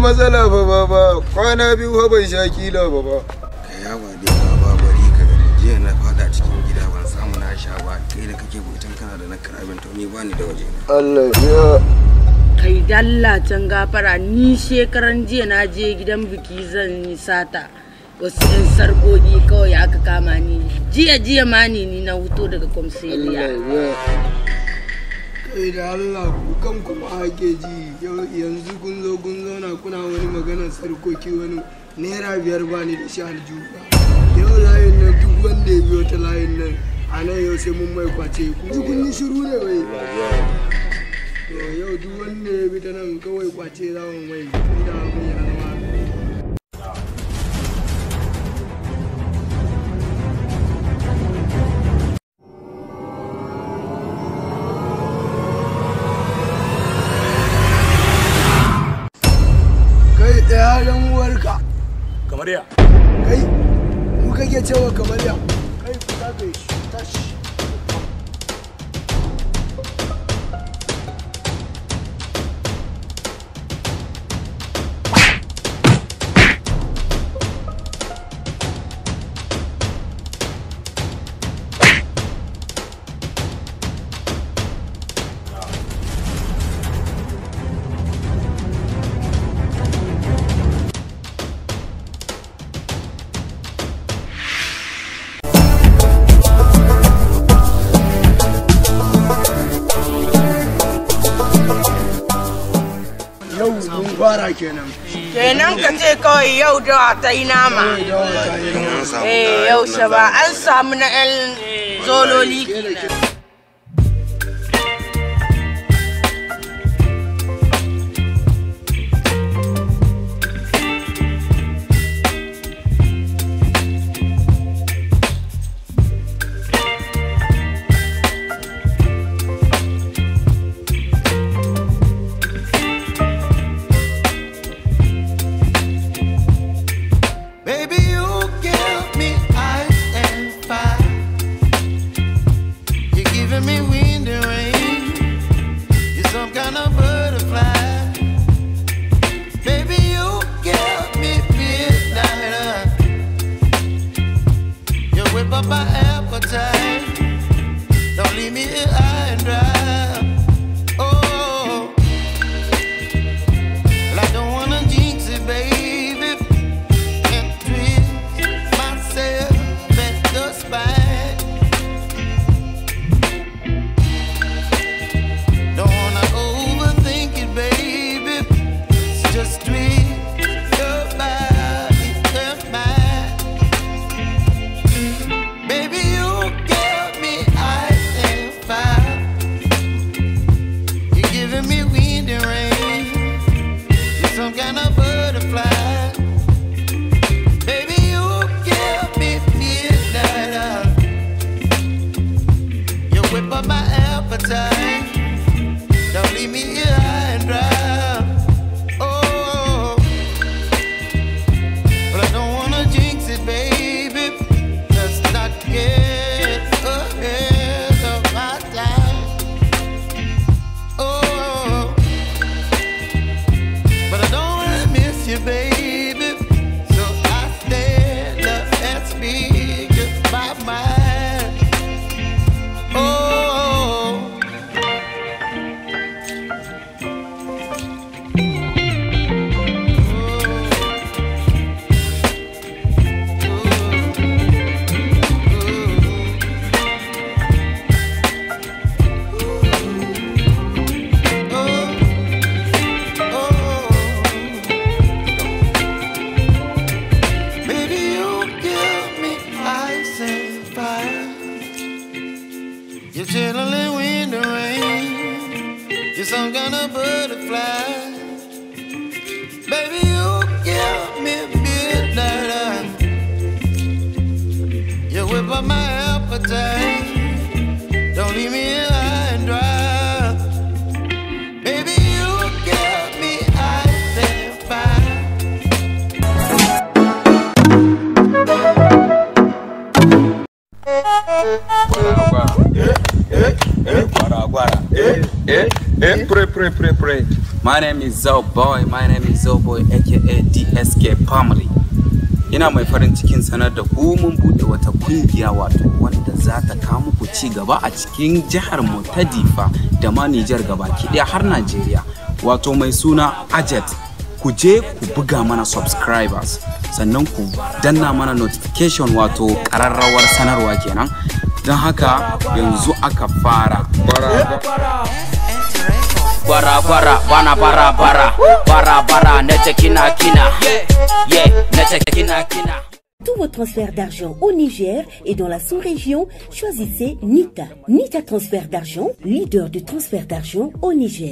matsala ba ba ba kwana biyu fa ban sha kila ba ba ka yawa ne ba ba bari ka gani jiya na fada cikin gida ban samu na sha ba kai da kake bautan kana da na karabin to ni da waje Allah ya kai dalla can gafara ni shekaran jiya na je gidan biki zan yi sata wasu yan sarkoki kawai aka kama ni jiya jiya ma ni na huto daga kwamsiliya kai da Allah kan kuma hake ji yanzu kun zo kun zauna kuna wani maganar sarkoki wani naira biyar ba ni da shi aljuba yau layin nan duk wanda ya biyo ta layin nan a nan yau sai mun mai kwace kuma kun yi shiru ne bai yau duk wanda ya bi ta nan kawai kwace za mu mai tunda mun yi dan kamar ya kai mu kake kenan kenan ka ce kawai yau dawa ta yi nama eh, eh yau shaba an samu na yan eh, zololi giving me wind and rain. You're some kind of butterfly. Baby, you give me midnight. You whip up my appetite. Don't leave me here. gonna butterfly. Baby, you give me midnight. You whip up my appetite. Don't leave me high and dry. Guara, guara, eh, eh, eh, guara, guara, eh, eh. Hey, eh, pray, pray, pray, pray. My name is Zo Boy. My name is Zo Boy, aka DSK Family. Ina mai farin cikin sanar da ku mun bude wata kungiya wato wanda za ta kawo muku ci gaba a cikin jihar mu ta Difa da ma Nijar gaba ɗaya har Najeriya. Wato mai suna Ajet. Ku je ku buga mana subscribers sannan ku danna mana notification wato kararrawar sanarwa kenan. Don haka yanzu aka fara. tous vos transferts d'argent au Niger et dans la sous-région, choisissez NITA. NITA Transfert d'argent, leader de transfert d'argent au Niger.